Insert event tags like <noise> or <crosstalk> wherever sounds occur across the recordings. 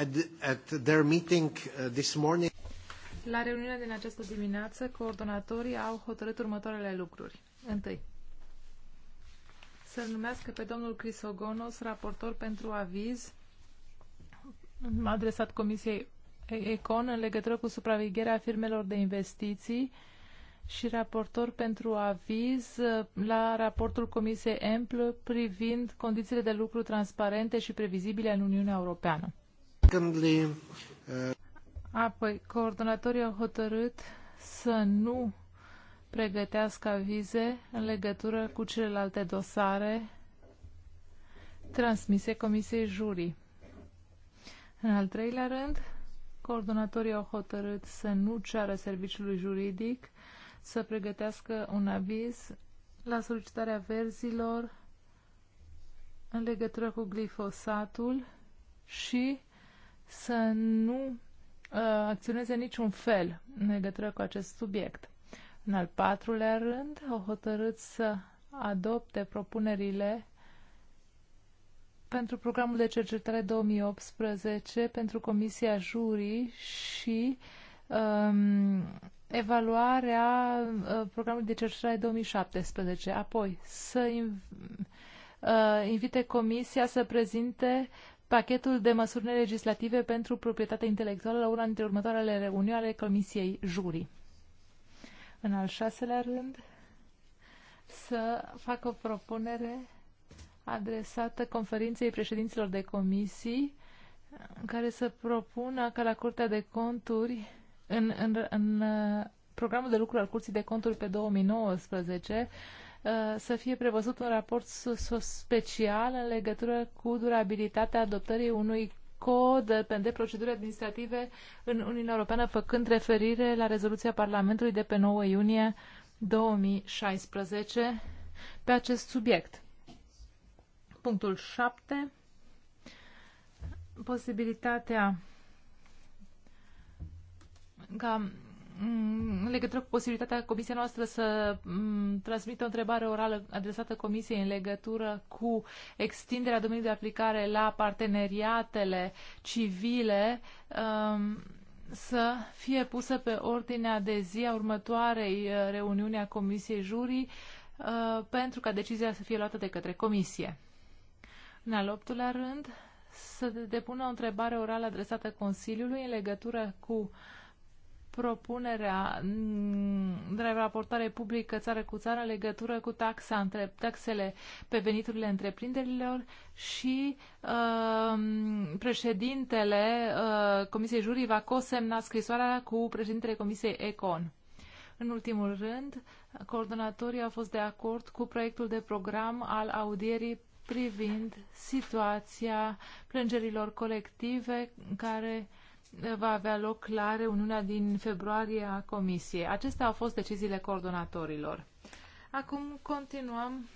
Uh, la reuniunea din această dimineață, coordonatorii au hotărât următoarele lucruri. Întâi, să-l numească pe domnul Ogonos, raportor pentru aviz, adresat Comisiei Econ în legătură cu supravegherea firmelor de investiții și raportor pentru aviz uh, la raportul Comisiei EMPL privind condițiile de lucru transparente și previzibile în Uniunea Europeană. Apoi, coordonatorii au hotărât să nu pregătească avize în legătură cu celelalte dosare transmise Comisiei Jurii. În al treilea rând, coordonatorii au hotărât să nu ceară serviciului juridic să pregătească un aviz la solicitarea verzilor în legătură cu glifosatul și să nu uh, acționeze niciun fel în legătură cu acest subiect. În al patrulea rând, au hotărât să adopte propunerile pentru programul de cercetare 2018 pentru Comisia Jurii și um, evaluarea uh, programului de cercetare 2017. Apoi, să inv- uh, invite Comisia să prezinte pachetul de măsuri legislative pentru proprietatea intelectuală la una dintre următoarele reuniuni ale Comisiei Jurii. În al șaselea rând, să fac o propunere adresată conferinței președinților de comisii care să propună ca la Curtea de Conturi în, în, în programul de lucru al Curții de Conturi pe 2019 Uh, să fie prevăzut un raport special în legătură cu durabilitatea adoptării unui cod de proceduri administrative în Uniunea Europeană, făcând referire la rezoluția Parlamentului de pe 9 iunie 2016 pe acest subiect. Punctul 7. Posibilitatea ca Mm, în legătură cu posibilitatea Comisiei noastră să mm, transmită o întrebare orală adresată comisiei în legătură cu extinderea domeniului de aplicare la parteneriatele civile um, să fie pusă pe ordinea de zi a următoarei uh, reuniuni a comisiei jurii uh, pentru ca decizia să fie luată de către comisie. În al optulea rând, să depună o întrebare orală adresată Consiliului în legătură cu uh, propunerea mm, de raportare publică țară cu țară în legătură cu taxa, între, taxele pe veniturile întreprinderilor și uh, președintele uh, Comisiei Jurii va cosemna scrisoarea cu președintele Comisiei Econ. În ultimul rând, coordonatorii au fost de acord cu proiectul de program al audierii privind situația plângerilor colective care uh, va avea loc la reuniunea din februarie a Comisiei. Acestea au fost deciziile coordonatorilor. Acum continuăm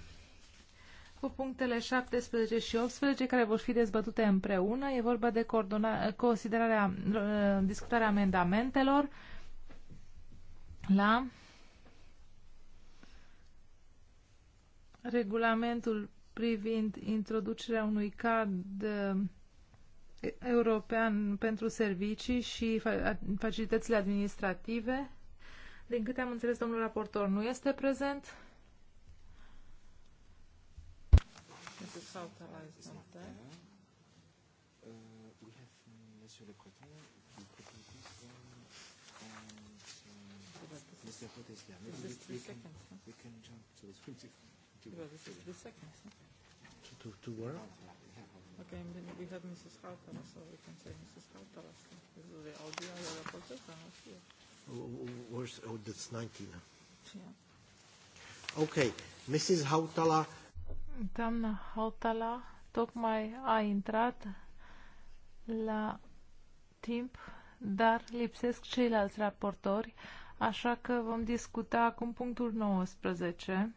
cu punctele 17 și 18 care vor fi dezbătute împreună. E vorba de considerarea, uh, discutarea amendamentelor la regulamentul privind introducerea unui cad uh, European pentru Servicii și Facilitățile Administrative. Din câte am înțeles, domnul raportor nu este prezent. To, to where? then we have Mrs. so we can say Mrs. This is the audio, I'm not Where's, oh, that's 19. Yeah. Okay, Mrs. Hautala. Doamna Hautala, tocmai a intrat la timp, dar lipsesc ceilalți raportori, așa că vom discuta acum punctul 19.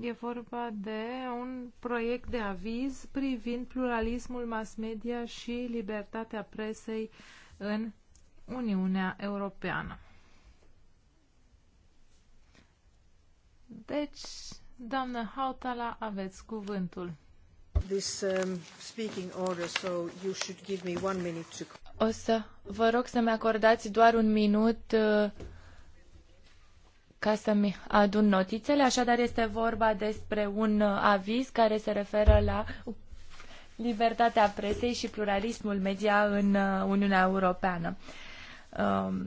E vorba de un proiect de aviz privind pluralismul mass media și libertatea presei în Uniunea Europeană. Deci, doamnă Hautala, aveți cuvântul. This, um, speaking order, so you should give me one minute to... O să vă rog să-mi acordați doar un minut uh, ca să-mi adun notițele. Așadar, este vorba despre un uh, aviz care se referă la libertatea presei și pluralismul media în uh, Uniunea Europeană. Um,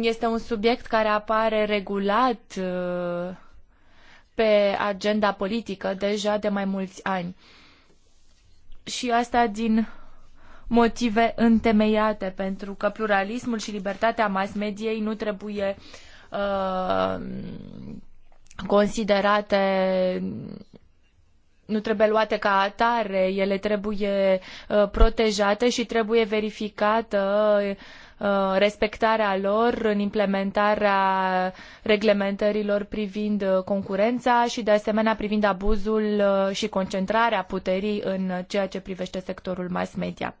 este un subiect care apare regulat uh, pe agenda politică deja de mai mulți ani. Și asta din motive întemeiate, pentru că pluralismul și libertatea mass mediei nu trebuie uh, considerate nu trebuie luate ca atare, ele trebuie uh, protejate și trebuie verificată uh, Uh, respectarea lor în implementarea reglementărilor privind uh, concurența și de asemenea privind abuzul uh, și concentrarea puterii în ceea ce privește sectorul mass media.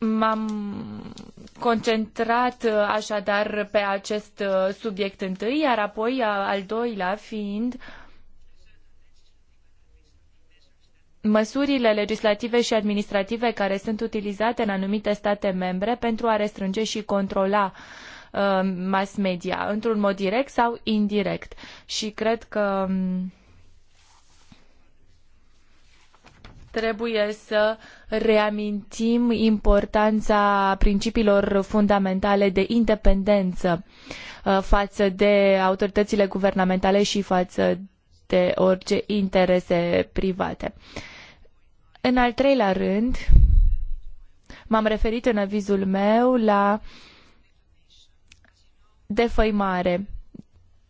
M-am concentrat așadar pe acest subiect întâi, iar apoi al doilea fiind uh, măsurile legislative și administrative care sunt utilizate în anumite state membre pentru a restrânge și controla uh, mass media într-un mod direct sau indirect. Și cred că um, trebuie să reamintim importanța principiilor fundamentale de independență uh, față de autoritățile guvernamentale și față de orice interese private. Uh, în al treilea rând, m-am referit în avizul meu la defăimare.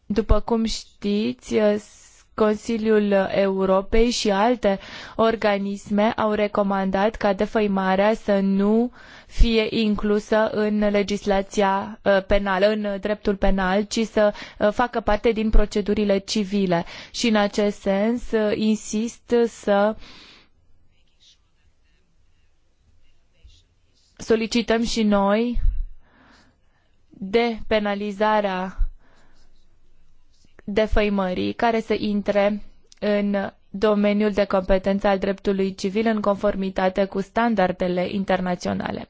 După cum știți, Consiliul Europei și alte organisme au recomandat ca defăimarea să nu fie inclusă în legislația uh, penală, în dreptul penal, ci să uh, facă parte din procedurile civile. Și în acest sens uh, insist să uh, solicităm și noi depenalizarea defăimării care să intre în domeniul de competență al dreptului civil în conformitate cu standardele internaționale.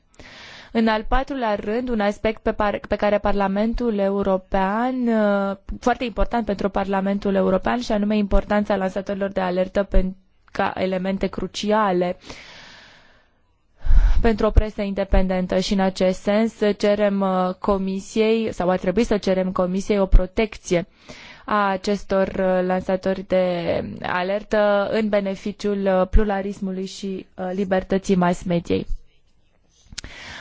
În al patrulea rând, un aspect pe, par, pe, care Parlamentul European, uh, foarte important pentru Parlamentul European, și anume importanța lansatorilor de alertă pe, ca elemente cruciale uh, pentru o presă independentă și în acest sens cerem uh, comisiei sau ar trebui să cerem comisiei o protecție a acestor uh, lansatori de alertă în beneficiul uh, pluralismului și libertății mass mediei.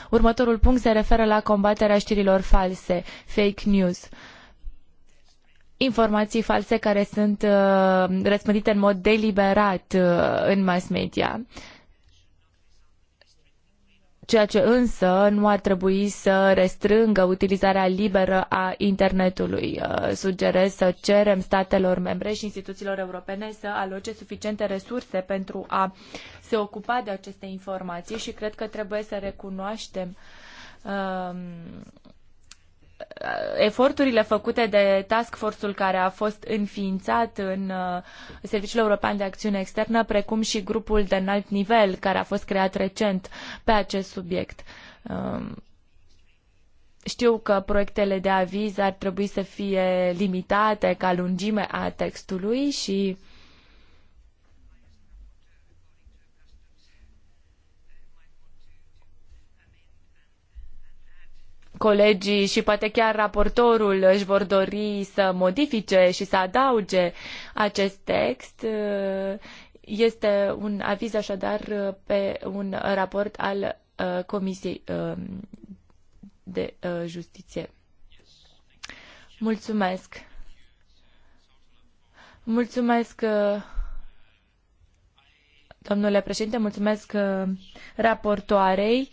Următorul punct se referă la combaterea știrilor false, fake news informații false care sunt uh, răspândite în mod deliberat uh, în mass media ceea ce însă nu ar trebui să restrângă utilizarea liberă a internetului. Uh, sugerez să cerem statelor membre și instituțiilor europene să aloce suficiente resurse pentru a se ocupa de aceste informații și cred că trebuie să recunoaștem um, eforturile făcute de task force-ul care a fost înființat în uh, Serviciul European de Acțiune Externă, precum și grupul de înalt nivel care a fost creat recent pe acest subiect. Um, știu că proiectele de aviz ar trebui să fie limitate ca lungime a textului și uh, colegii și poate chiar raportorul își vor dori să modifice și să adauge acest text. Este un aviz așadar pe un raport al uh, Comisiei uh, de uh, Justiție. Mulțumesc. Mulțumesc, domnule președinte, mulțumesc raportoarei.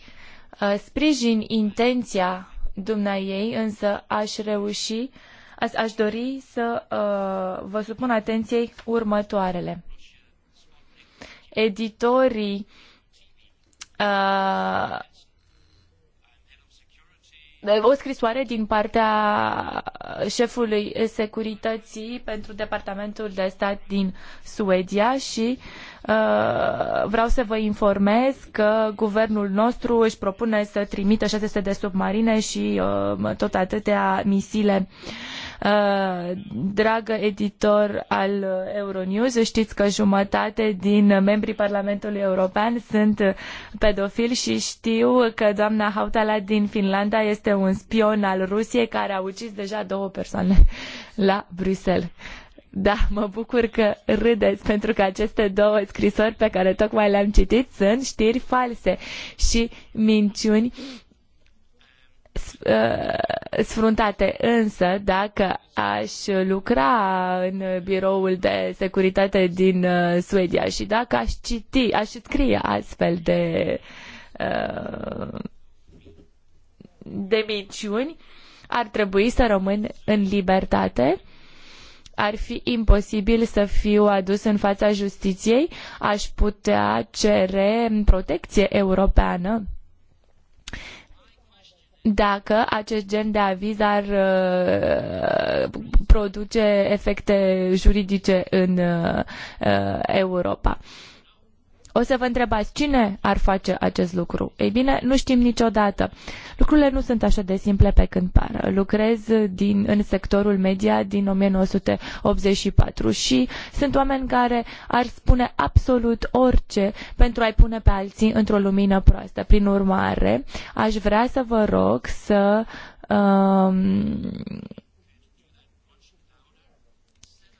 Sprijin intenția dumnea ei, însă aș reuși, aș dori să uh, vă supun atenției următoarele. Editorii uh, Eh, o scrisoare din partea șefului securității pentru Departamentul de Stat din Suedia și uh, vreau să vă informez că guvernul nostru își propune să trimită 600 de submarine și uh, tot atâtea misile uh, Uh, dragă editor al Euronews, știți că jumătate din membrii Parlamentului European sunt pedofili și știu că doamna Hautala din Finlanda este un spion al Rusiei care a ucis deja două persoane la Bruxelles. Da, mă bucur că râdeți, pentru că aceste două scrisori pe care tocmai le-am citit sunt știri false și minciuni Uh, sfruntate. Însă, dacă aș lucra în biroul de securitate din uh, Suedia și dacă aș citi, aș scrie astfel de uh, de minciuni, ar trebui să rămân în libertate ar fi imposibil să fiu adus în fața justiției, aș putea cere protecție europeană dacă acest gen de aviz ar uh, produce efecte juridice în uh, uh, Europa. O să vă întrebați cine ar face acest lucru. Ei bine, nu știm niciodată. Lucrurile nu sunt așa de simple pe când par. Lucrez din, în sectorul media din 1984 și sunt oameni care ar spune absolut orice pentru a-i pune pe alții într-o lumină proastă. Prin urmare, aș vrea să vă rog să um,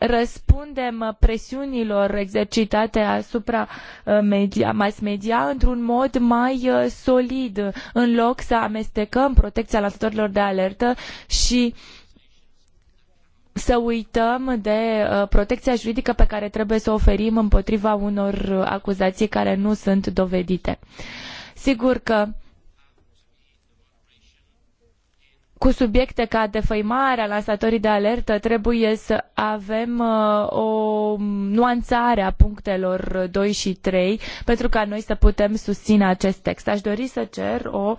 răspundem presiunilor exercitate asupra uh, media, mass media într-un mod mai uh, solid, în loc să amestecăm protecția lansatorilor de alertă și să uităm de uh, protecția juridică pe care trebuie să o oferim împotriva unor acuzații care nu sunt dovedite. Sigur că cu subiecte ca defăimarea, lansatorii de alertă, trebuie să avem uh, o nuanțare a punctelor doi și trei pentru ca noi să putem susține acest text. Aș dori să cer o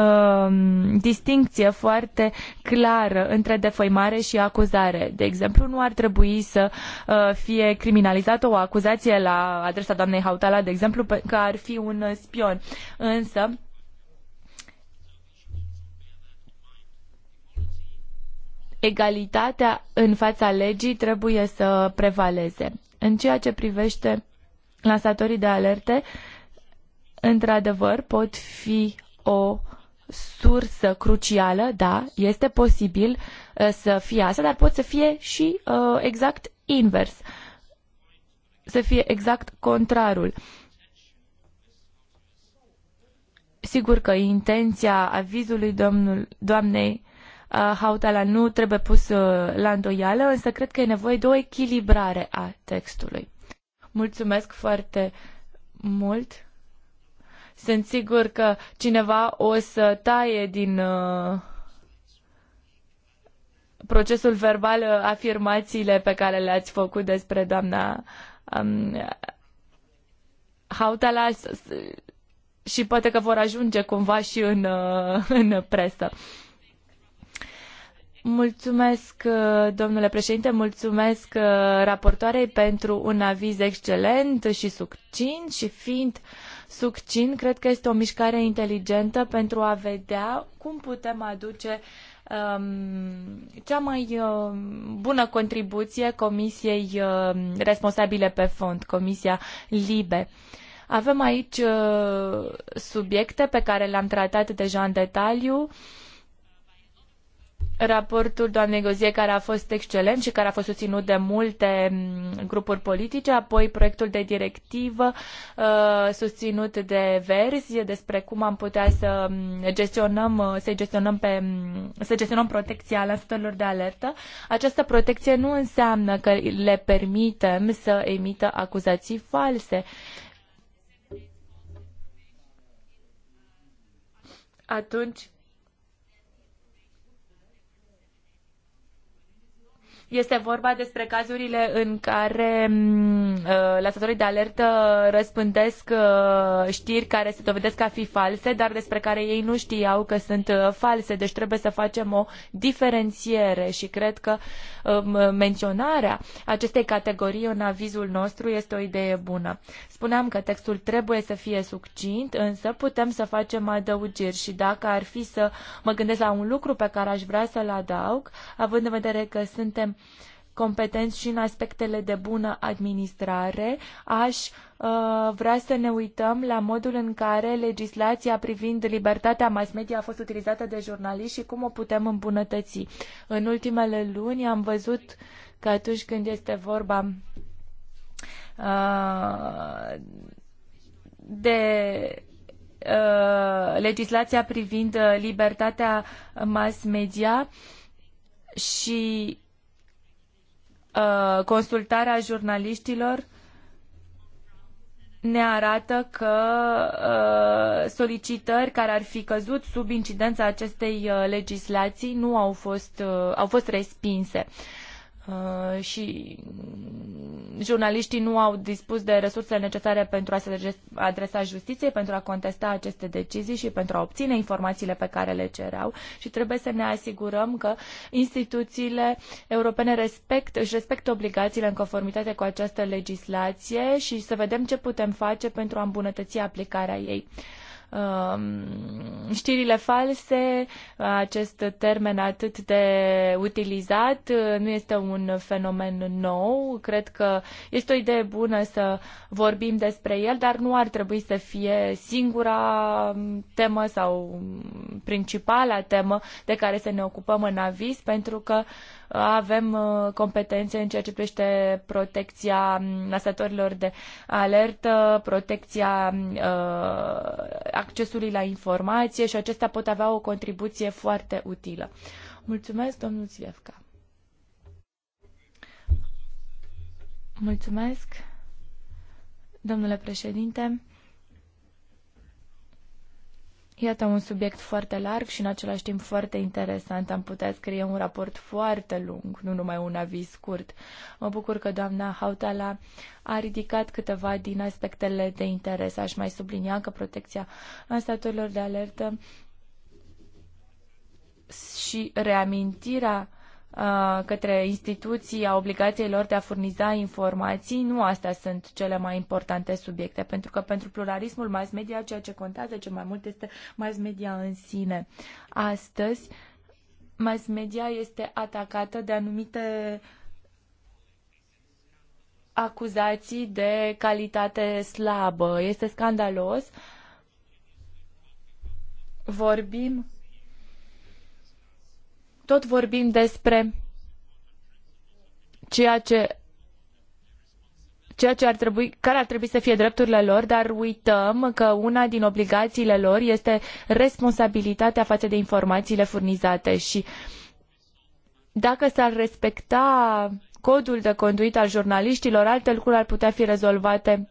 um, distincție foarte clară între defăimare și acuzare. De exemplu, nu ar trebui să uh, fie criminalizată o acuzație la adresa doamnei Hautala, de exemplu, că ar fi un spion. Însă, egalitatea în fața legii trebuie să prevaleze. În ceea ce privește lansatorii de alerte, într-adevăr, pot fi o sursă crucială, da, este posibil uh, să fie asta, dar pot să fie și uh, exact invers, să fie exact contrarul. Sigur că intenția avizului domnul, doamnei Hautala nu trebuie pus uh, la îndoială, însă cred că e nevoie de o echilibrare a textului. Mulțumesc foarte mult. Sunt sigur că cineva o să taie din uh, procesul verbal uh, afirmațiile pe care le-ați făcut despre doamna um, Hautala și poate că vor ajunge cumva și în, <laughs> în presă. Mulțumesc, uh, domnule președinte, mulțumesc uh, raportoarei pentru un aviz excelent și succint și fiind succint, cred că este o mișcare inteligentă pentru a vedea cum putem aduce um, cea mai um, bună contribuție Comisiei um, responsabile pe fond, Comisia LIBE. Avem aici uh, subiecte pe care le-am tratat deja în detaliu. Uh, raportul doamnei Gozie, care a fost excelent și care a fost susținut de multe mm, grupuri politice, apoi proiectul de directivă uh, susținut de Verzi despre cum am putea să mm, gestionăm, uh, să gestionăm, pe, mm, să gestionăm protecția lansatorilor de alertă. Această protecție nu înseamnă că le permitem să emită acuzații false. Atunci Este vorba despre cazurile în care mm, uh, lăsătorii de alertă răspândesc uh, știri care se dovedesc a fi false, dar despre care ei nu știau că sunt uh, false. Deci trebuie să facem o diferențiere și cred că um, menționarea acestei categorii în avizul nostru este o idee bună. Spuneam că textul trebuie să fie succint, însă putem să facem adăugiri și dacă ar fi să mă gândesc la un lucru pe care aș vrea să-l adaug, având în vedere că suntem competenți și în aspectele de bună administrare, aș uh, vrea să ne uităm la modul în care legislația privind libertatea mass media a fost utilizată de jurnaliști și cum o putem îmbunătăți. În ultimele luni am văzut că atunci când este vorba uh, de uh, legislația privind uh, libertatea mass media și Uh, consultarea jurnaliștilor ne arată că uh, solicitări care ar fi căzut sub incidența acestei uh, legislații nu au fost, au fost respinse. Uh, și jurnaliștii nu au dispus de resursele necesare pentru a se adresa justiției, pentru a contesta aceste decizii și pentru a obține informațiile pe care le cereau și trebuie să ne asigurăm că instituțiile europene respect, își respectă obligațiile în conformitate cu această legislație și să vedem ce putem face pentru a îmbunătăți aplicarea ei. Um, știrile false, acest termen atât de utilizat, nu este un fenomen nou. Cred că este o idee bună să vorbim despre el, dar nu ar trebui să fie singura temă sau principala temă de care să ne ocupăm în aviz, pentru că uh, avem uh, competențe în ceea ce privește protecția um, lansatorilor de alertă, protecția um, uh, accesului la informație și acestea pot avea o contribuție foarte utilă. Mulțumesc, domnul Zviefca. Mulțumesc, domnule președinte. Iată un subiect foarte larg și în același timp foarte interesant. Am putea scrie un raport foarte lung, nu numai un aviz scurt. Mă bucur că doamna Hautala a ridicat câteva din aspectele de interes. Aș mai sublinia că protecția statelor de alertă și reamintirea către instituții a obligației lor de a furniza informații, nu astea sunt cele mai importante subiecte, pentru că pentru pluralismul mass media ceea ce contează cel mai mult este mass media în sine. Astăzi, mass media este atacată de anumite acuzații de calitate slabă. Este scandalos. Vorbim tot vorbim despre ceea ce ceea ce ar trebui, care ar trebui să fie drepturile lor, dar uităm că una din obligațiile lor este responsabilitatea față de informațiile furnizate și dacă s-ar respecta codul de conduit al jurnaliștilor, alte lucruri ar putea fi rezolvate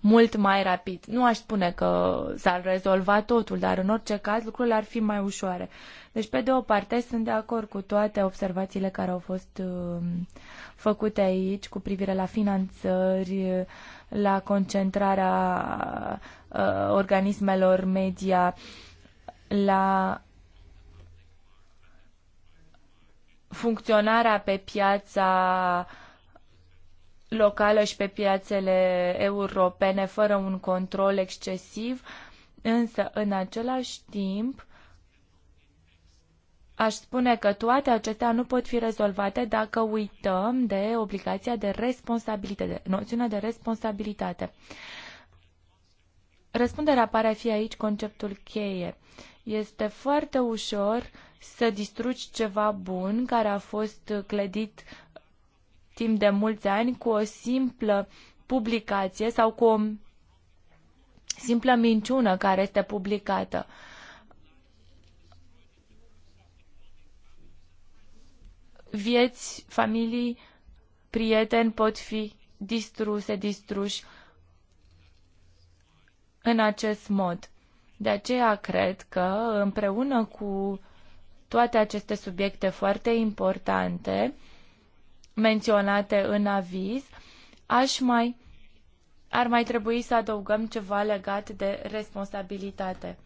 mult mai rapid. Nu aș spune că s-ar rezolva totul, dar în orice caz lucrurile ar fi mai ușoare. Deci, pe de o parte, sunt de acord cu toate observațiile care au fost uh, făcute aici cu privire la finanțări, la concentrarea uh, organismelor media, la funcționarea pe piața locală și pe piațele europene fără un control excesiv, însă în același timp aș spune că toate acestea nu pot fi rezolvate dacă uităm de obligația de responsabilitate, de noțiunea de responsabilitate. Răspunderea pare a fi aici conceptul cheie. Este foarte ușor să distrugi ceva bun care a fost clădit timp de mulți ani cu o simplă publicație sau cu o simplă minciună care este publicată. Vieți, familii, prieteni pot fi distruse, distruși în acest mod. De aceea cred că împreună cu toate aceste subiecte foarte importante, menționate în aviz, aș mai, ar mai trebui să adăugăm ceva legat de responsabilitate.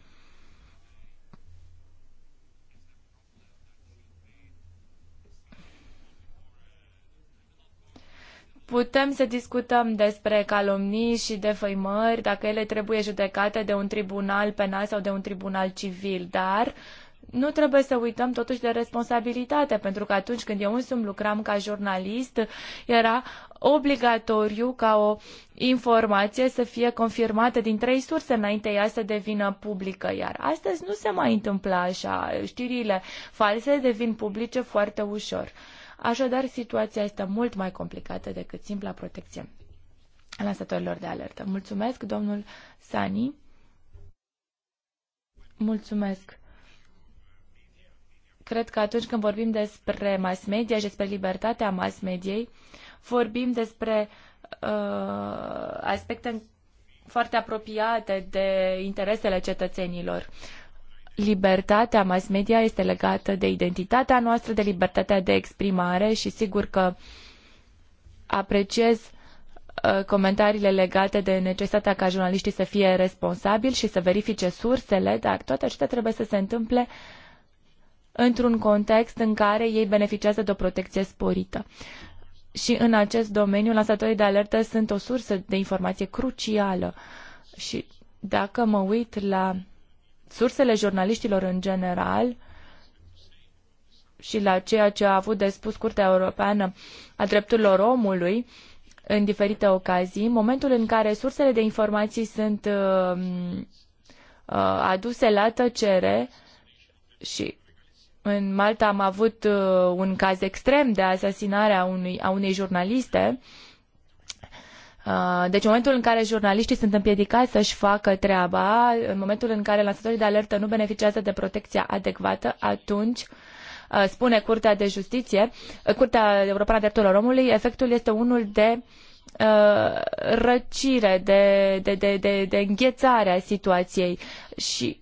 putem să discutăm despre calomnii și defăimări, dacă ele trebuie judecate de un tribunal penal sau de un tribunal civil, dar nu trebuie să uităm totuși de responsabilitate, pentru că atunci când eu însumi lucram ca jurnalist, era obligatoriu ca o informație să fie confirmată din trei surse înainte ea să devină publică. Iar astăzi nu se mai întâmplă așa. Știrile false devin publice foarte ușor. Așadar, situația este mult mai complicată decât simpla protecție lansatorilor de alertă. Mulțumesc, domnul Sani. Mulțumesc cred că atunci când vorbim despre mass media și despre libertatea mass mediei, vorbim despre uh, aspecte foarte apropiate de interesele cetățenilor. Libertatea mass media este legată de identitatea noastră, de libertatea de exprimare și sigur că apreciez uh, comentariile legate de necesitatea ca jurnaliștii să fie responsabili și să verifice sursele, dar toate acestea trebuie să se întâmple uh, într-un context în care ei beneficiază de o protecție sporită. Și în acest domeniu, lansatorii de alertă sunt o sursă de informație crucială. Și dacă mă uit la sursele jurnaliștilor în general și la ceea ce a avut de spus Curtea Europeană a Drepturilor Omului, în diferite ocazii, momentul în care sursele de informații sunt uh, uh, aduse la tăcere și în Malta am avut uh, un caz extrem de asasinare a, unui, a unei jurnaliste. Uh, deci în momentul în care jurnaliștii sunt împiedicați să-și facă treaba, în momentul în care lansatorii de alertă nu beneficiază de protecția adecvată, atunci uh, spune Curtea de Justiție, Curtea Europeană a Drepturilor Omului, efectul este unul de răcire, de, de, de, de, de înghețare a situației și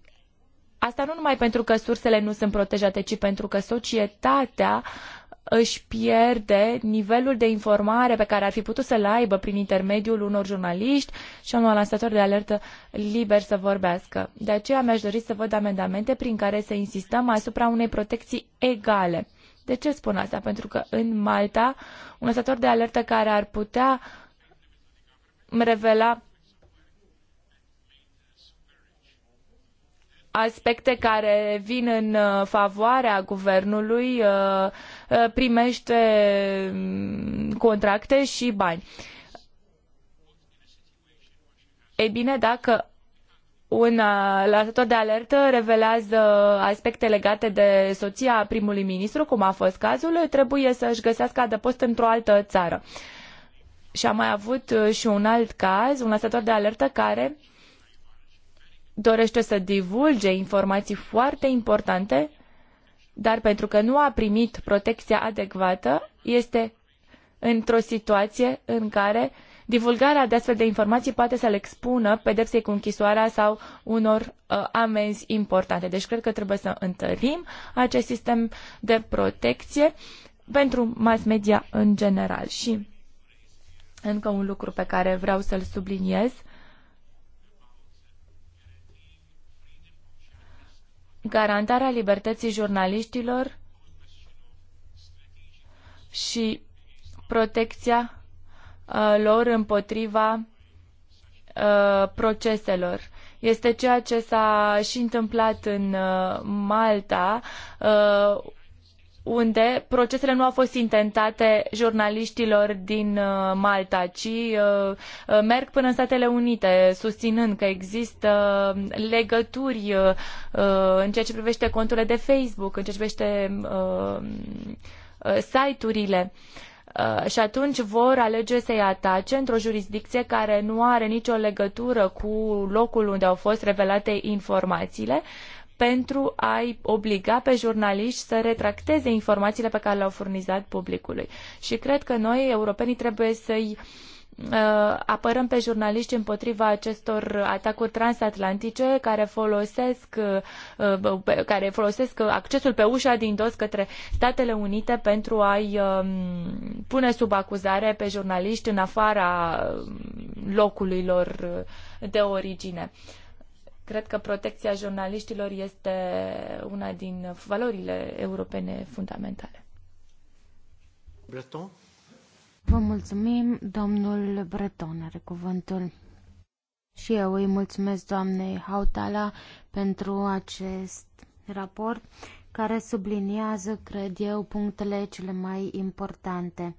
Asta nu numai pentru că sursele nu sunt protejate, ci pentru că societatea își pierde nivelul de informare pe care ar fi putut să-l aibă prin intermediul unor jurnaliști și unor lansatori de alertă liber să vorbească. De aceea mi-aș dori să văd amendamente prin care să insistăm asupra unei protecții egale. De ce spun asta? Pentru că în Malta, un lansator de alertă care ar putea revela aspecte care vin în uh, favoarea guvernului uh, uh, primește mm, contracte și bani. Ei bine, dacă un lansator de alertă revelează aspecte legate de soția primului ministru, cum a fost cazul, trebuie să-și găsească adăpost într-o altă țară. Și am mai avut și un alt caz, un lansator de alertă care dorește să divulge informații foarte importante, dar pentru că nu a primit protecția adecvată, este într-o situație în care divulgarea de astfel de informații poate să le expună pedepsei cu închisoarea sau unor uh, amenzi importante. Deci cred că trebuie să întărim acest sistem de protecție pentru mass media în general. Și încă un lucru pe care vreau să-l subliniez uh, garantarea libertății jurnaliștilor și protecția uh, lor împotriva uh, proceselor. Este ceea ce s-a și întâmplat în uh, Malta. Uh, unde procesele nu au fost intentate jurnaliștilor din uh, Malta, ci uh, uh, merg până în Statele Unite, susținând că există legături în ceea ce privește conturile de Facebook, în ceea ce privește site-urile. Și atunci vor alege să-i atace într-o jurisdicție care nu are nicio legătură cu locul unde au fost revelate informațiile, pentru a-i obliga pe jurnaliști să retracteze informațiile pe care le-au furnizat publicului. Și cred că noi, europenii, trebuie să-i uh, apărăm pe jurnaliști împotriva acestor atacuri transatlantice care folosesc, uh, uh, care folosesc accesul pe ușa din dos către Statele Unite pentru a-i um, pune sub acuzare pe jurnaliști în afara um, locului lor de origine. Uh, Cred că protecția jurnaliștilor este una din valorile europene fundamentale. Breton? Vă mulțumim, domnul Breton are cuvântul. Și eu îi mulțumesc doamnei Hautala pentru acest raport care subliniază, cred eu, punctele cele mai importante.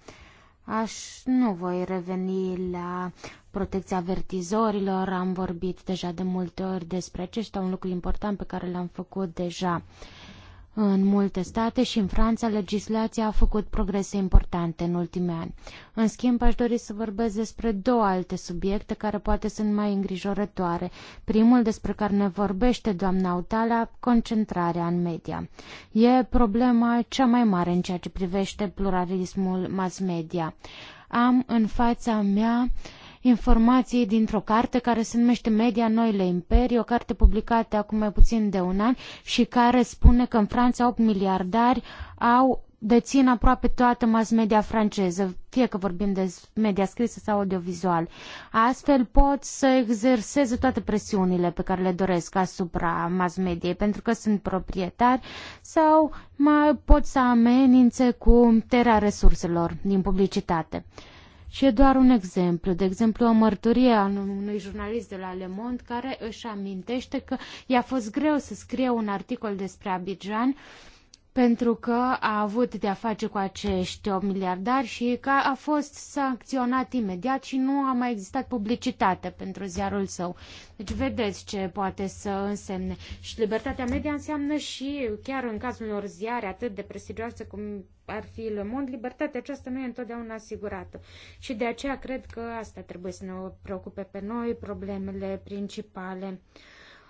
Aș nu voi reveni la protecția vertizorilor, am vorbit deja de multe ori despre aceștia, un lucru important pe care l-am făcut deja. Uh, în multe state și în Franța, legislația a făcut progrese importante în ultimii ani. În schimb, aș dori să vorbesc despre două alte subiecte care poate sunt mai îngrijorătoare. Primul despre care ne vorbește doamna Autala, concentrarea în media. E problema cea mai mare în ceea ce privește pluralismul mass media. Am în fața mea uh, informații dintr-o carte care se numește Media Noile Imperii, o carte publicată acum mai puțin de un an și care spune că în Franța 8 miliardari au dețin aproape toată mass media franceză, fie că vorbim de media scrisă sau audiovizual. Astfel pot să exerseze toate presiunile pe care le doresc asupra mass mediei, pentru că sunt proprietari sau mai pot să amenințe cu tăierea resurselor din publicitate. Și e doar un exemplu, de exemplu o mărturie a unui jurnalist de la Le Monde care își amintește că i-a fost greu să scrie un articol despre Abidjan uh, pentru că a avut de-a face cu acești miliardari și că a fost sancționat imediat și nu a mai existat publicitate pentru ziarul său. Deci vedeți ce poate să însemne. Și libertatea media înseamnă și, chiar în cazul unor ziare atât de prestigioase cum ar fi Le Monde, libertatea aceasta nu e întotdeauna asigurată. Și de aceea cred că asta trebuie să ne preocupe pe noi, problemele principale.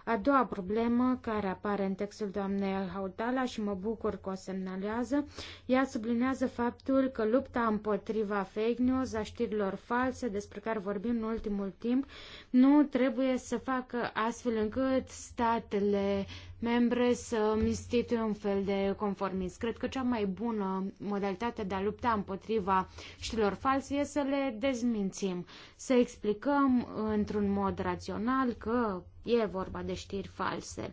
A doua problemă care apare în textul doamnei Hautala și mă bucur că o semnalează, ea sublinează faptul că lupta împotriva fake news, a știrilor false despre care vorbim în ultimul timp, nu trebuie să facă astfel încât statele membre să instituie un fel de conformism. Cred că cea mai bună modalitate de a lupta împotriva știrilor false este să le dezmințim, să explicăm într-un mod rațional că e vorba de știri false.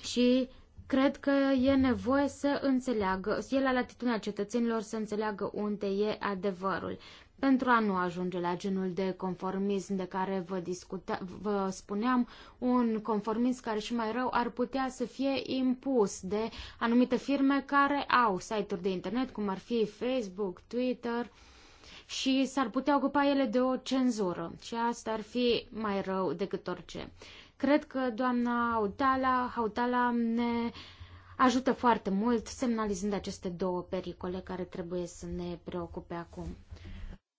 Și cred că e nevoie să înțeleagă, e la latitudinea cetățenilor să înțeleagă unde e adevărul pentru a nu ajunge la genul de conformism de care vă, discuta, vă spuneam, un conformism care și mai rău ar putea să fie impus de anumite firme care au site-uri de internet, cum ar fi Facebook, Twitter, și s-ar putea ocupa ele de o cenzură și asta ar fi mai rău decât orice. Cred că doamna Hautala, Hautala ne ajută foarte mult semnalizând aceste două pericole care trebuie să ne preocupe acum.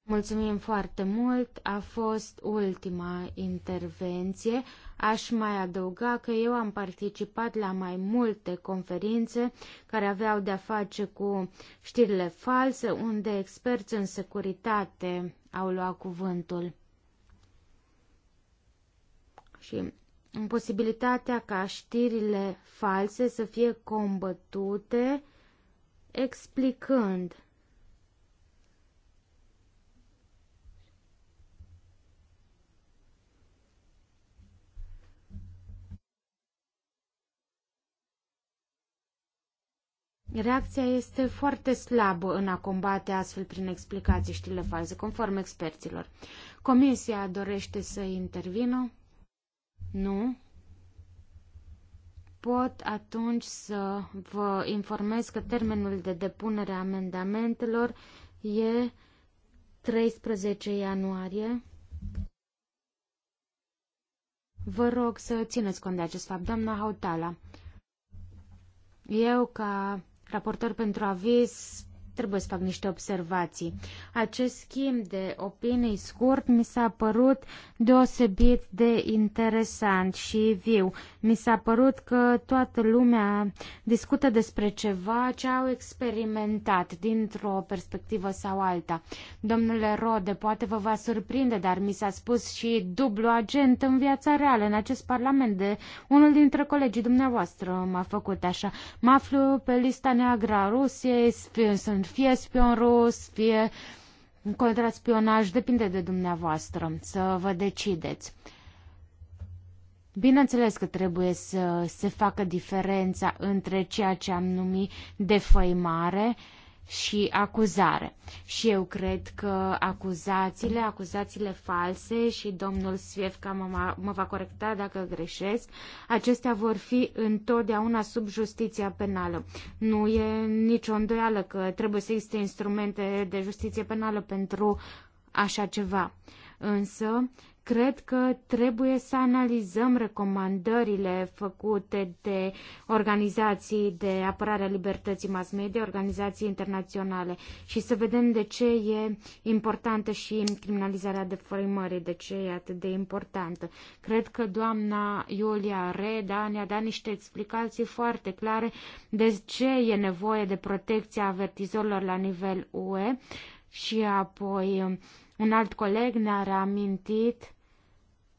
Mulțumim foarte mult, a fost ultima intervenție. Aș mai adăuga că eu am participat la mai multe conferințe care aveau de-a face cu știrile false, unde experți în securitate au luat cuvântul. Și posibilitatea ca știrile false să fie combătute explicând Reacția este foarte slabă în a combate astfel prin explicații știrile false, conform experților. Comisia dorește să intervină? Nu. Pot atunci să vă informez că termenul de depunere a amendamentelor e 13 ianuarie. Vă rog să țineți cont de acest fapt, doamna Hautala. Eu, ca raportor pentru aviz, trebuie să fac niște observații. Acest schimb de opinii scurt mi s-a părut deosebit de interesant și viu. Mi s-a părut că toată lumea discută despre ceva ce au experimentat dintr-o perspectivă sau alta. Domnule Rode, poate vă va surprinde, dar mi s-a spus și dublu agent în viața reală, în acest parlament, de unul dintre colegii dumneavoastră m-a făcut așa. Mă aflu pe lista neagră a Rusiei, sunt fie spion rus, fie contraspionaj, depinde de dumneavoastră să vă decideți. Bineînțeles că trebuie să se facă diferența între ceea ce am numit defăimare și acuzare. Și eu cred că acuzațiile, acuzațiile false și domnul Sviefca mă, mă va corecta dacă greșesc, acestea vor fi întotdeauna sub justiția penală. Nu e nicio îndoială că trebuie să existe instrumente de justiție penală pentru așa ceva. Însă, Cred că trebuie să analizăm recomandările făcute de organizații de apărare a libertății mass media, organizații internaționale și să vedem de ce e importantă și criminalizarea deformării, de ce e atât de importantă. Cred că doamna Iulia Reda ne-a dat niște explicații foarte clare de ce e nevoie de protecția avertizorilor la nivel UE și apoi un alt coleg ne-a reamintit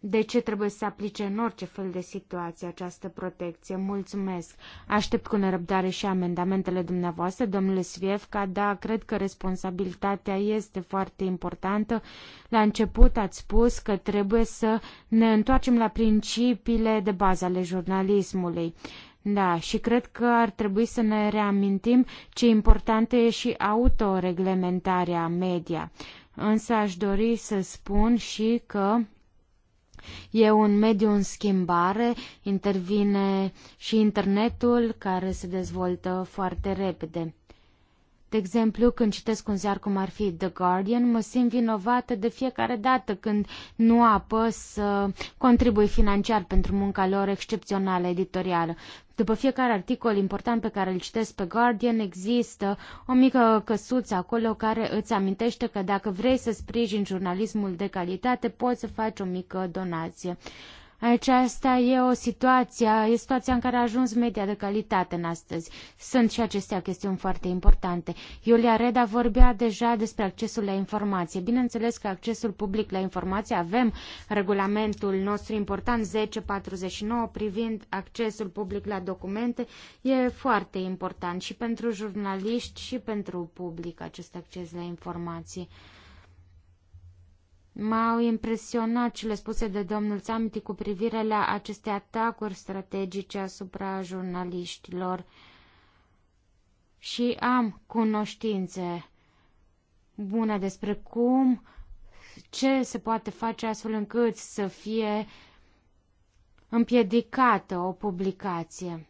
de ce trebuie să aplice în orice fel de situație această protecție. Mulțumesc! Aștept cu nerăbdare și amendamentele dumneavoastră, domnule Svievca. da, cred că responsabilitatea este foarte importantă. La început ați spus că trebuie să ne întoarcem la principiile de bază ale jurnalismului. Da, și cred că ar trebui să ne reamintim ce importantă e și autoreglementarea media însă aș dori să spun și că E un mediu în schimbare, intervine și internetul care se dezvoltă foarte repede. De exemplu, când citesc un ziar cum ar fi The Guardian, mă simt vinovată de fiecare dată când nu apăs să contribui financiar pentru munca lor excepțională editorială. După fiecare articol important pe care îl citesc pe Guardian, există o mică căsuță acolo care îți amintește că dacă vrei să sprijini jurnalismul de calitate, poți să faci o mică donație. Aceasta e o situație, e situația în care a ajuns media de calitate în astăzi. Sunt și acestea chestiuni foarte importante. Iulia Reda vorbea deja despre accesul la informație. Bineînțeles că accesul public la informație avem regulamentul nostru important 1049 privind accesul public la documente. E foarte important și pentru jurnaliști și pentru public acest acces la informații. M-au impresionat cele spuse de domnul Samiti cu privire la aceste atacuri strategice asupra jurnaliștilor și am cunoștințe bune despre cum, ce se poate face astfel încât să fie împiedicată o publicație.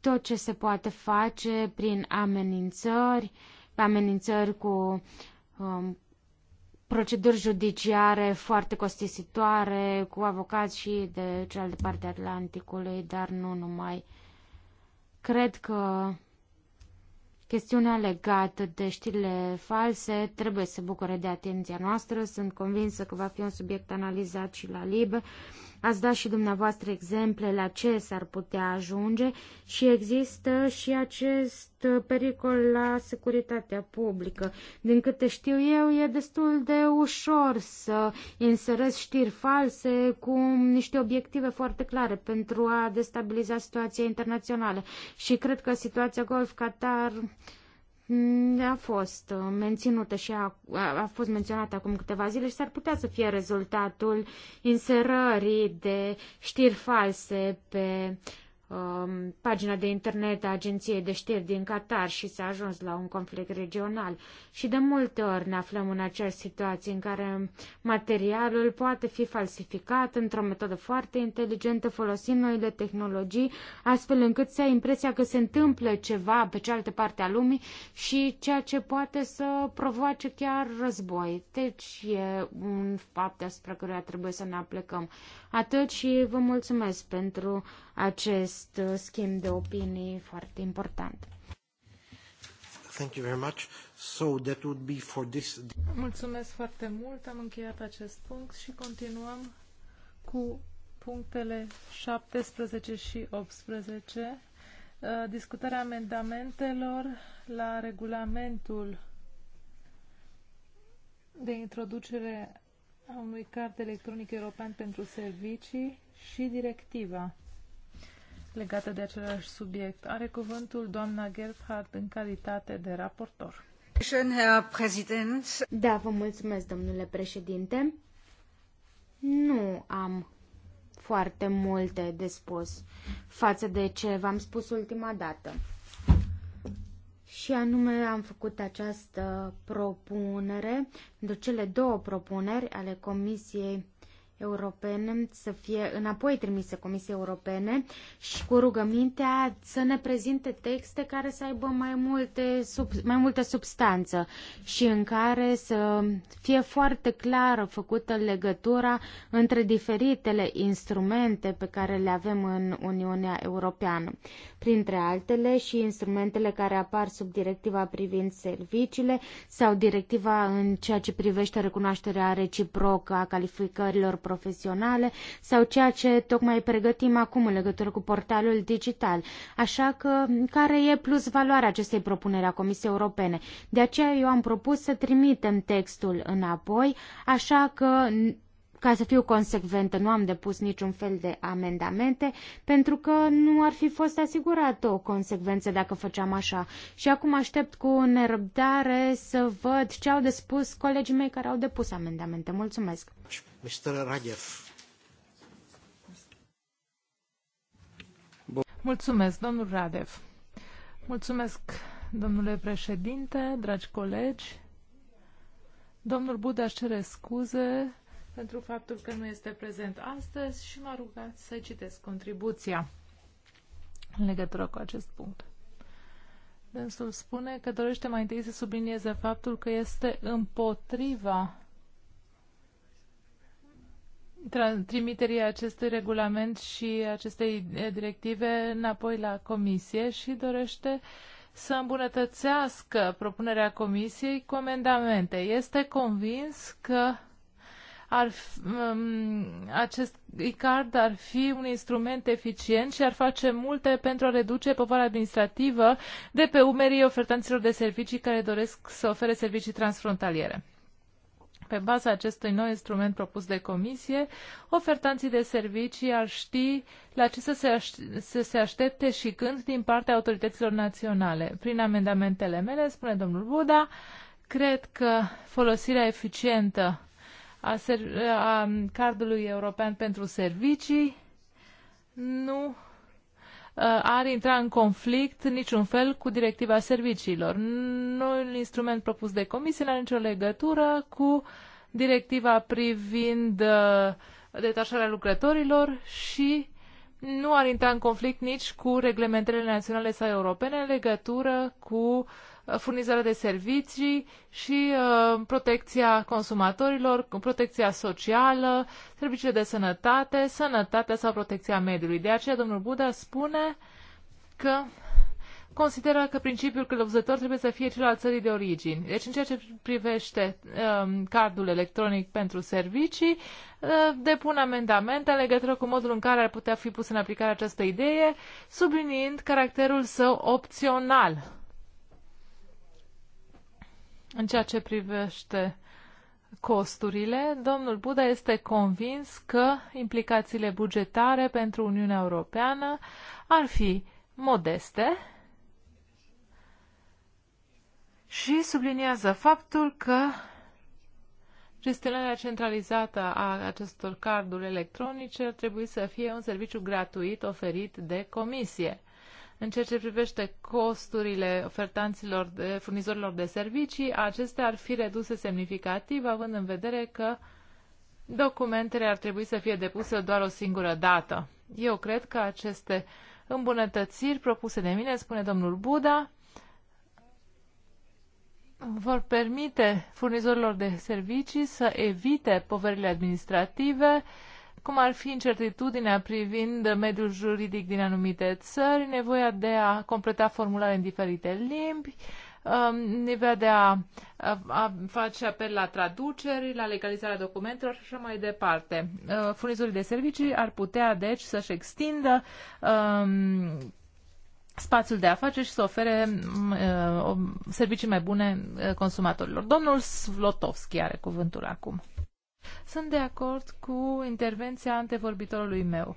Tot ce se poate face prin amenințări, amenințări cu um, proceduri judiciare foarte costisitoare cu avocați și de cealaltă parte Atlanticului, dar nu numai. Cred că chestiunea legată de știrile false trebuie să bucure de atenția noastră. Sunt convinsă că va fi un subiect analizat și la LIBE. Ați dat și dumneavoastră exemple la ce s-ar putea ajunge și există și acest uh, pericol la securitatea publică. Din câte știu eu, e destul de ușor să inserez știri false cu niște obiective foarte clare pentru a destabiliza situația internațională. Și cred că situația Golf Qatar Mm, a fost uh, menținută și a, a fost menționată acum câteva zile și s-ar putea să fie rezultatul inserării de știri false pe Um, pagina de internet a agenției de știri din Qatar și s-a ajuns la un conflict regional. Și de multe ori ne aflăm în această situație în care materialul poate fi falsificat într-o metodă foarte inteligentă, folosind noile tehnologii, astfel încât să ai impresia că se întâmplă ceva pe cealaltă parte a lumii și ceea ce poate să provoace chiar război. Deci e un fapt asupra căruia trebuie să ne aplecăm. Atât și vă mulțumesc pentru acest uh, schimb de opinii foarte important. Thank you very much. So that would be for this... Mulțumesc foarte mult. Am încheiat acest punct și continuăm cu punctele 17 și 18. Uh, discutarea amendamentelor la regulamentul de introducere a unui card electronic european pentru servicii și directiva legată de același subiect. Are cuvântul doamna Gerhard în calitate de raportor. Da, vă mulțumesc, domnule președinte. Nu am foarte multe de spus față de ce v-am spus ultima dată. Și anume am făcut această propunere, de cele două propuneri ale Comisiei europene să fie înapoi trimise Comisiei Europene și cu rugămintea să ne prezinte texte care să aibă mai, multe, sub, mai multă substanță și în care să fie foarte clară făcută legătura între diferitele instrumente pe care le avem în Uniunea Europeană, printre altele și instrumentele care apar sub directiva privind serviciile sau directiva în ceea ce privește recunoașterea reciprocă a calificărilor profesionale sau ceea ce tocmai pregătim acum în legătură cu portalul digital. Așa că, care e plus valoarea acestei propuneri a Comisiei Europene? De aceea eu am propus să trimitem textul înapoi, așa că ca să fiu consecventă, nu am depus niciun fel de amendamente, pentru că nu ar fi fost asigurată o consecvență dacă făceam așa. Și acum aștept cu nerăbdare să văd ce au de spus colegii mei care au depus amendamente. Mulțumesc! Mr. Radev. Mulțumesc, domnul Radev. Mulțumesc, domnule președinte, dragi colegi. Domnul Buda cere scuze pentru faptul că nu este prezent astăzi și m-a rugat să citesc contribuția în legătură cu acest punct. Dânsul spune că dorește mai întâi să sublinieze faptul că este împotriva trimiterii acestui regulament și acestei eh, directive înapoi la comisie și dorește să îmbunătățească propunerea comisiei cu amendamente. Este convins că ar, um, acest card ar fi un instrument eficient și ar face multe pentru a reduce povara administrativă de pe umerii ofertanților de servicii care doresc să ofere servicii transfrontaliere. Pe baza acestui nou instrument propus de comisie, ofertanții de servicii ar ști la ce să se, aș- să se aștepte și când din partea autorităților naționale. Prin amendamentele mele, spune domnul Buda, cred că folosirea eficientă a, a cardului european pentru servicii nu ar intra în conflict niciun fel cu directiva serviciilor. Noul instrument propus de comisie nu are nicio legătură cu directiva privind detașarea lucrătorilor și nu ar intra în conflict nici cu reglementele naționale sau europene în legătură cu uh, furnizarea de servicii și uh, protecția consumatorilor, protecția socială, serviciile de sănătate, sănătatea sau protecția mediului. De aceea, domnul Buda spune că consideră că principiul călăuzător trebuie să fie cel al țării de origini. Deci, în ceea ce privește um, cardul electronic pentru servicii, uh, depun amendamente în legătură cu modul în care ar putea fi pus în aplicare această idee, subliniind caracterul său opțional în ceea ce privește costurile, domnul Buda este convins că implicațiile bugetare pentru Uniunea Europeană ar fi modeste și subliniază faptul că Gestionarea centralizată a acestor carduri electronice ar trebui să fie un serviciu gratuit oferit de comisie. În ceea ce privește costurile ofertanților de, furnizorilor de servicii, acestea ar fi reduse semnificativ, având în vedere că documentele ar trebui să fie depuse doar o singură dată. Eu cred că aceste îmbunătățiri propuse de mine, spune domnul Buda, vor permite furnizorilor de servicii să evite poverile administrative, cum ar fi incertitudinea privind mediul juridic din anumite țări, nevoia de a completa formulare în diferite limbi, um, nevoia de a, a face apel la traduceri, la legalizarea documentelor și așa mai departe. Uh, Furnizorii de servicii ar putea, deci, să-și extindă um, spațiul de afaceri și să ofere um, uh, servicii mai bune uh, consumatorilor. Domnul Slotovski are cuvântul acum. Sunt de acord cu intervenția antevorbitorului meu.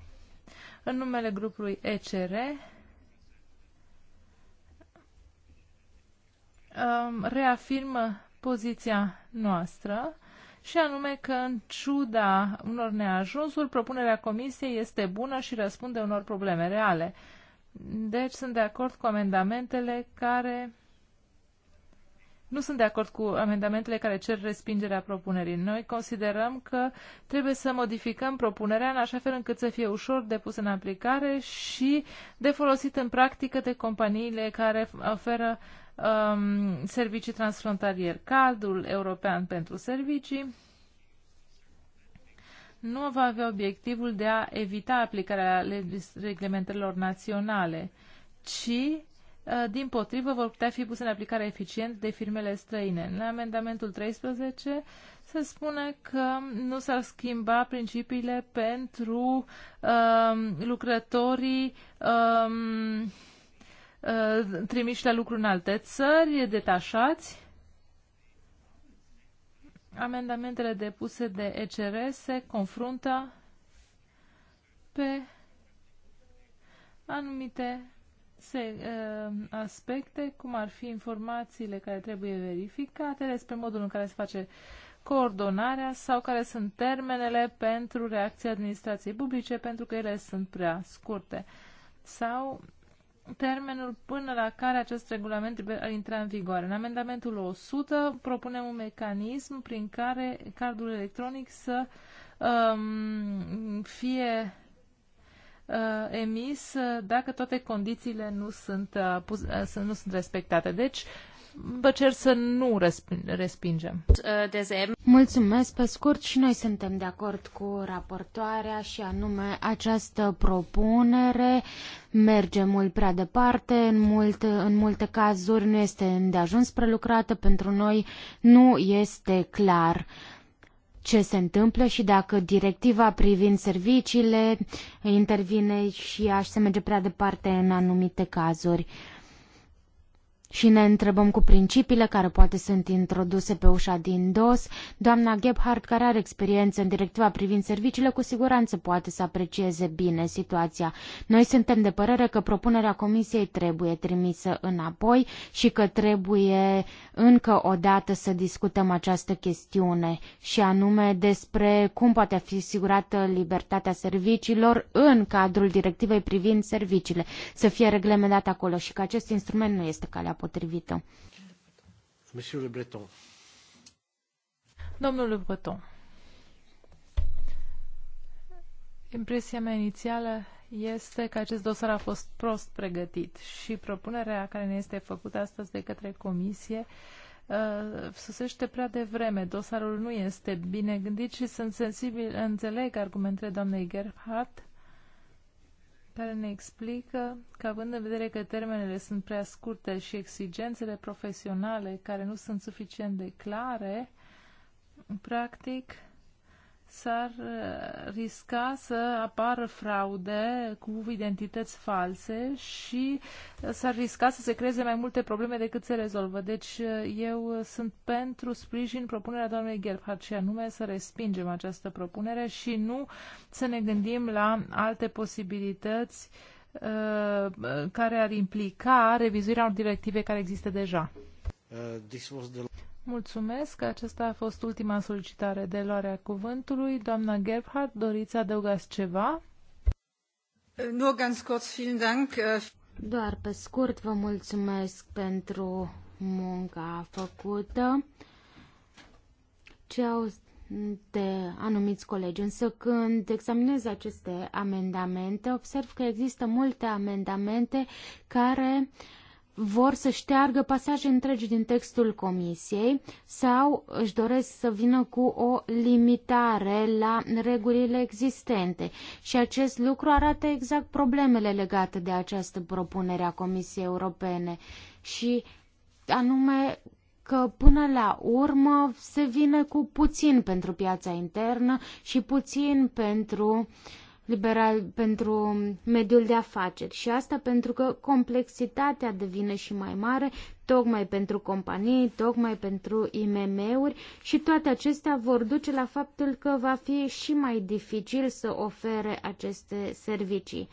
În numele grupului ECR, um, reafirmă poziția noastră și anume că în ciuda unor neajunsuri, propunerea comisiei este bună și răspunde unor probleme reale. Deci sunt de acord cu amendamentele care nu sunt de acord cu amendamentele care cer respingerea propunerii. Noi considerăm că trebuie să modificăm propunerea în așa fel încât să fie ușor depus în aplicare și de folosit în practică de companiile care oferă um, servicii transfrontalier. Caldul european pentru servicii nu va avea obiectivul de a evita aplicarea reglementărilor naționale, ci Uh, din potrivă vor putea fi puse în aplicare eficient de firmele străine. În amendamentul 13 se spune că nu s-ar schimba principiile pentru um, lucrătorii um, uh, trimiși la lucru în alte țări, detașați. Amendamentele depuse de ECR se confruntă pe anumite se, uh, aspecte, cum ar fi informațiile care trebuie verificate despre modul în care se face coordonarea sau care sunt termenele pentru reacția administrației publice, pentru că ele sunt prea scurte. Sau termenul până la care acest regulament ar intra în vigoare. În amendamentul 100 propunem un mecanism prin care cardul electronic să um, fie Uh, emis uh, dacă toate condițiile nu sunt, uh, pus, nu sunt respectate. Deci, vă cer să nu respingem. Mulțumesc pe scurt și noi suntem de acord cu raportoarea și anume această propunere merge mult prea departe, în multe, în multe cazuri nu este îndeajuns prelucrată, pentru noi nu este clar. Uh, ce se întâmplă și dacă directiva privind serviciile intervine și aș se merge prea departe în anumite cazuri. Uh, și ne întrebăm cu principiile care poate sunt introduse pe ușa din DOS. Doamna Gebhardt, care are experiență în directiva privind serviciile, cu siguranță poate să aprecieze bine situația. Noi suntem de părere că propunerea Comisiei trebuie trimisă înapoi și că trebuie încă o dată să discutăm această chestiune și anume despre cum poate fi asigurată libertatea serviciilor în cadrul directivei privind serviciile, să fie reglementat acolo și că acest instrument nu este calea potrivită. Monsieur Le Breton. Le Breton, impresia mea inițială este că acest dosar a fost prost pregătit și propunerea care ne este făcută astăzi de către Comisie uh, susește prea devreme. Dosarul nu este bine gândit și sunt sensibil, înțeleg argumentele doamnei Gerhardt, care ne explică că, având în vedere că termenele sunt prea scurte și exigențele profesionale care nu sunt suficient de clare, practic, s-ar uh, risca să apară fraude cu identități false și s-ar risca să se creeze mai multe probleme decât se rezolvă. Deci uh, eu uh, sunt pentru sprijin propunerea doamnei Gerhard și anume să respingem această propunere și nu să ne gândim la alte posibilități care ar implica revizuirea unor directive care există deja. Mulțumesc. Aceasta a fost ultima solicitare de luarea cuvântului. Doamna Gerbhardt, doriți să adăugați ceva? Nu ganz kurz, vielen Dank. Doar pe scurt vă mulțumesc pentru munca făcută. Ce au de anumiți colegi, însă când examinez aceste amendamente, observ că există multe amendamente care uh, vor să șteargă pasaje întregi din textul comisiei sau își doresc să vină cu o limitare la regulile existente. Și acest lucru arată exact problemele legate de această propunere a Comisiei Europene și anume că până la urmă se vine cu puțin pentru piața internă și puțin pentru uh, liberal pentru mediul de afaceri și asta pentru că complexitatea devine și mai mare tocmai pentru companii, tocmai pentru IMM-uri și toate acestea vor duce la faptul că va fi și mai dificil să ofere aceste servicii.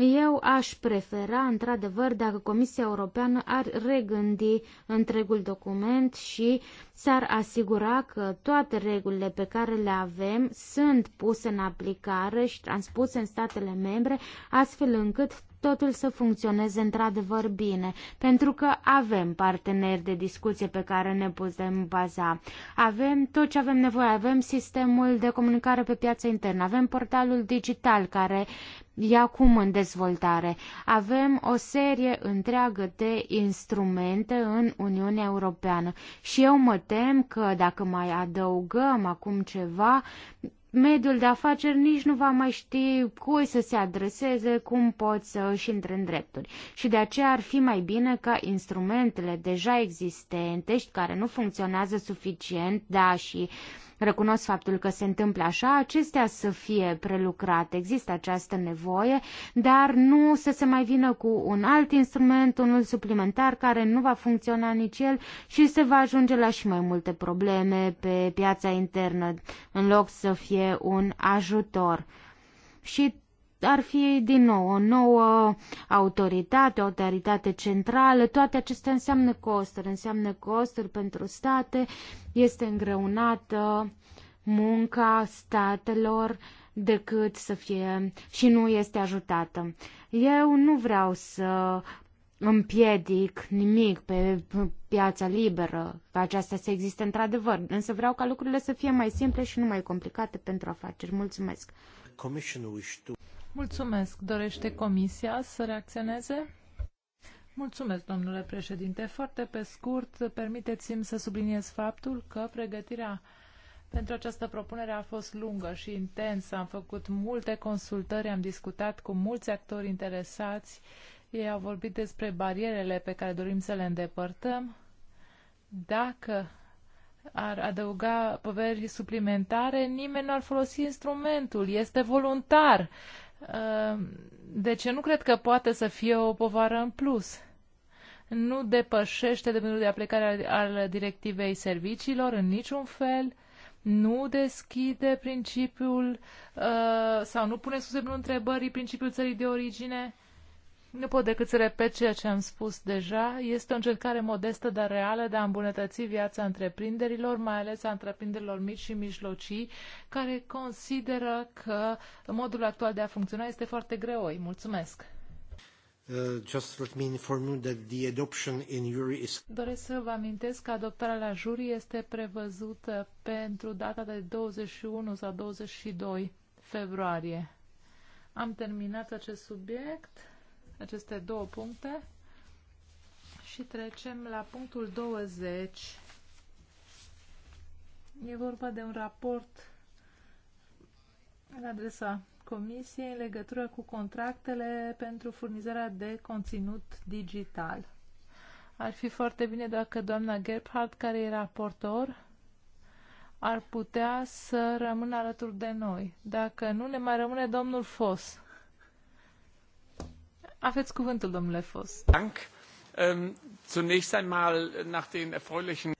Eu aș prefera, într-adevăr, dacă Comisia Europeană ar regândi întregul document și s-ar asigura că toate regulile pe care le avem sunt puse în aplicare și transpuse în statele membre, astfel încât totul să funcționeze într-adevăr bine, pentru că avem parteneri de discuție pe care ne putem baza. Avem tot ce avem nevoie, avem sistemul de comunicare pe piața internă, avem portalul digital care e acum în dezvoltare. Avem o serie întreagă de instrumente în Uniunea Europeană și eu mă tem că dacă mai adăugăm acum ceva, mediul de afaceri nici nu va mai ști cui să se adreseze, cum pot să își intre în drepturi. Și de aceea ar fi mai bine ca instrumentele deja existente și care nu funcționează suficient, da, și uh, recunosc faptul că se întâmplă așa, acestea să fie prelucrate. Există această nevoie, dar nu să se mai vină cu un alt instrument, unul suplimentar care nu va funcționa nici el și se va ajunge la și mai multe probleme pe piața internă în loc să fie un ajutor. Și ar fi din nou o nouă autoritate, o autoritate centrală, toate acestea înseamnă costuri, înseamnă costuri pentru state, este îngreunată munca statelor decât să fie și nu este ajutată. Eu nu vreau să împiedic nimic pe piața liberă, pe aceasta să existe într-adevăr, însă vreau ca lucrurile să fie mai simple și nu mai complicate pentru afaceri. Mulțumesc! Mulțumesc. Dorește Comisia să reacționeze? Mulțumesc, domnule președinte. Foarte pe scurt, permiteți-mi să subliniez faptul că pregătirea pentru această propunere a fost lungă și intensă. Am făcut multe consultări, am discutat cu mulți actori interesați. Ei au vorbit despre barierele pe care dorim să le îndepărtăm. Dacă ar adăuga poveri suplimentare, nimeni nu ar folosi instrumentul. Este voluntar. Ehm, deci eu nu cred că poate să fie o povară în plus. Nu depășește de de aplicare al directivei serviciilor în niciun fel, nu deschide principiul ehm, sau nu pune sub semnul întrebării principiul țării de origine nu pot decât să repet ceea ce am spus deja. Este o încercare modestă, dar reală, de a îmbunătăți viața întreprinderilor, mai ales a întreprinderilor mici și mijlocii, care consideră că modul actual de a funcționa este foarte greoi. Mulțumesc! Uh, just let me inform you that the adoption in jury is... Doresc să vă amintesc că adoptarea la jury este prevăzută pentru data de 21 sau 22 februarie. Am terminat acest subiect aceste două puncte și trecem la punctul 20. E vorba de un raport la adresa Comisiei în legătură cu contractele pentru furnizarea de conținut digital. Ar fi foarte bine dacă doamna Gerhardt, care e raportor, ar putea să rămână alături de noi. Dacă nu, ne mai rămâne domnul Fos. Aveți cuvântul, domnule Fos. Dank. Ähm,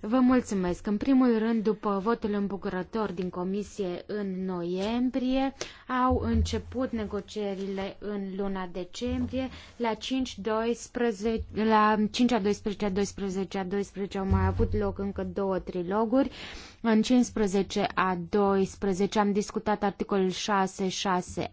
Vă mulțumesc. În primul rând, după votul îmbucurător din comisie în noiembrie, au început negocierile în luna decembrie. La 5, 12, la 5 a 12, a 12, a 12 au mai avut loc încă două triloguri. În 15 a 12 am discutat articolul 6, 6a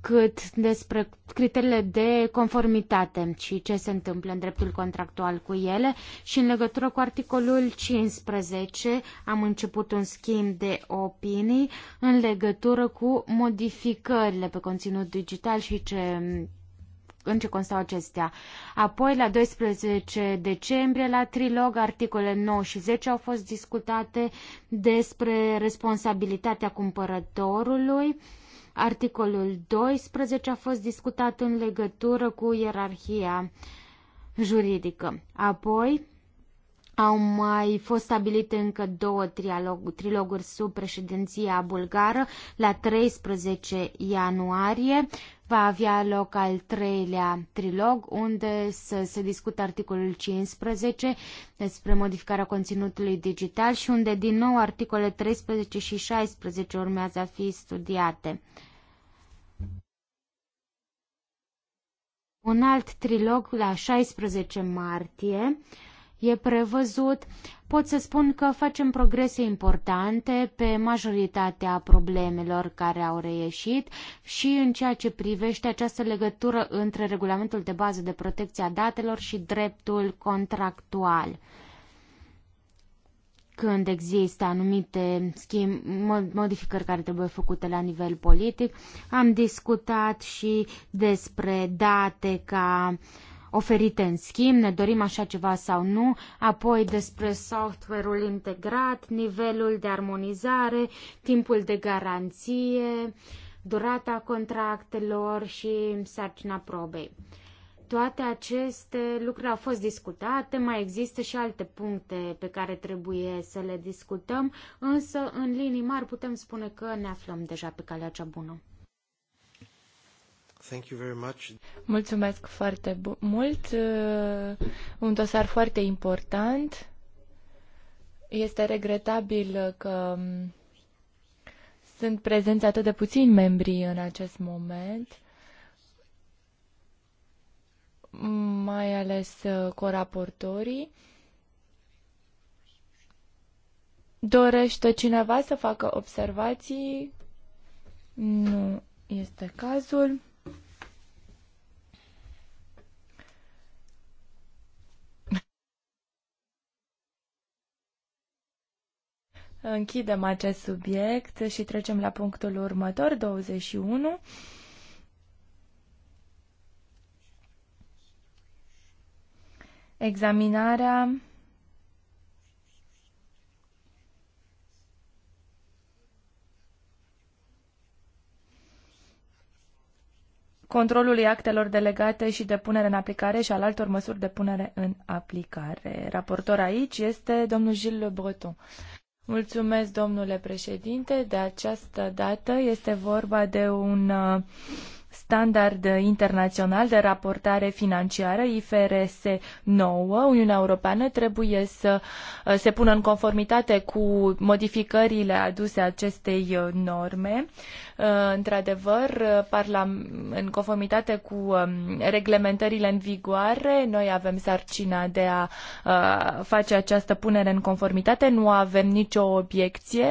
cât despre criteriile de conformitate și ce se întâmplă în dreptul contractual cu ele și în legătură cu articolul 15 am început un schimb de opinii în legătură cu modificările pe conținut digital și ce în ce constau acestea. Apoi, la 12 decembrie, la trilog, articolele 9 și 10 au fost discutate despre responsabilitatea cumpărătorului, uh, Articolul 12 a fost discutat în legătură cu ierarhia juridică. Apoi au mai fost stabilite încă două triloguri sub președinția bulgară la 13 ianuarie va avea loc al treilea trilog, unde să se discută articolul 15 despre modificarea conținutului digital și unde din nou articole 13 și 16 urmează a fi studiate. Un alt trilog la 16 martie e prevăzut. Pot să spun că facem progrese importante pe majoritatea problemelor care au reieșit și în ceea ce privește această legătură între regulamentul de bază de protecție a datelor și dreptul contractual când există anumite schimb, modificări care trebuie făcute la nivel politic. Am discutat și despre date ca oferite în schimb, ne dorim așa ceva sau nu, apoi despre software-ul integrat, nivelul de armonizare, timpul de garanție, durata contractelor și sarcina probei. Toate aceste lucruri au fost discutate, mai există și alte puncte pe care trebuie să le discutăm, însă în linii mari putem spune că ne aflăm deja pe calea cea bună. Thank you very much. Mulțumesc foarte mult. Uh, un dosar foarte important. Este regretabil că um, sunt prezenți atât de puțini membri în acest moment mai ales uh, coraportorii. Dorește cineva să facă observații? Nu este cazul. Închidem acest subiect și trecem la punctul următor, 21. examinarea controlului actelor delegate și de punere în aplicare și al altor măsuri de punere în aplicare. Raportor aici este domnul Gilles Le Breton. Mulțumesc, domnule președinte. De această dată este vorba de un uh, standard internațional de raportare financiară, IFRS 9, Uniunea Europeană trebuie să uh, se pună în conformitate cu modificările aduse acestei uh, norme. Uh, într-adevăr, în conformitate cu um, reglementările în vigoare, noi avem sarcina de a face această punere în conformitate, nu avem nicio obiecție,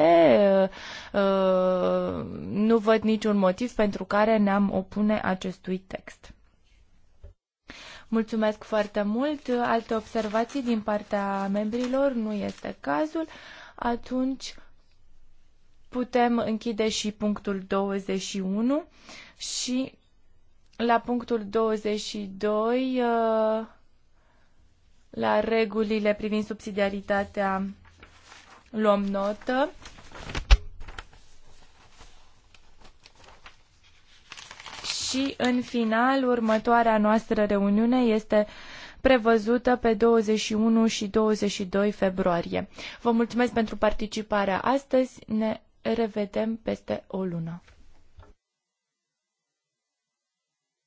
nu văd niciun motiv pentru care ne-am opus spune acestui text. Mulțumesc foarte mult. Alte observații din partea membrilor nu este cazul. Atunci putem închide și punctul 21 și la punctul 22 uh, la regulile privind subsidiaritatea luăm notă. și, în final, următoarea noastră reuniune este prevăzută pe 21 și 22 februarie. Vă mulțumesc pentru participarea astăzi. Ne revedem peste o lună.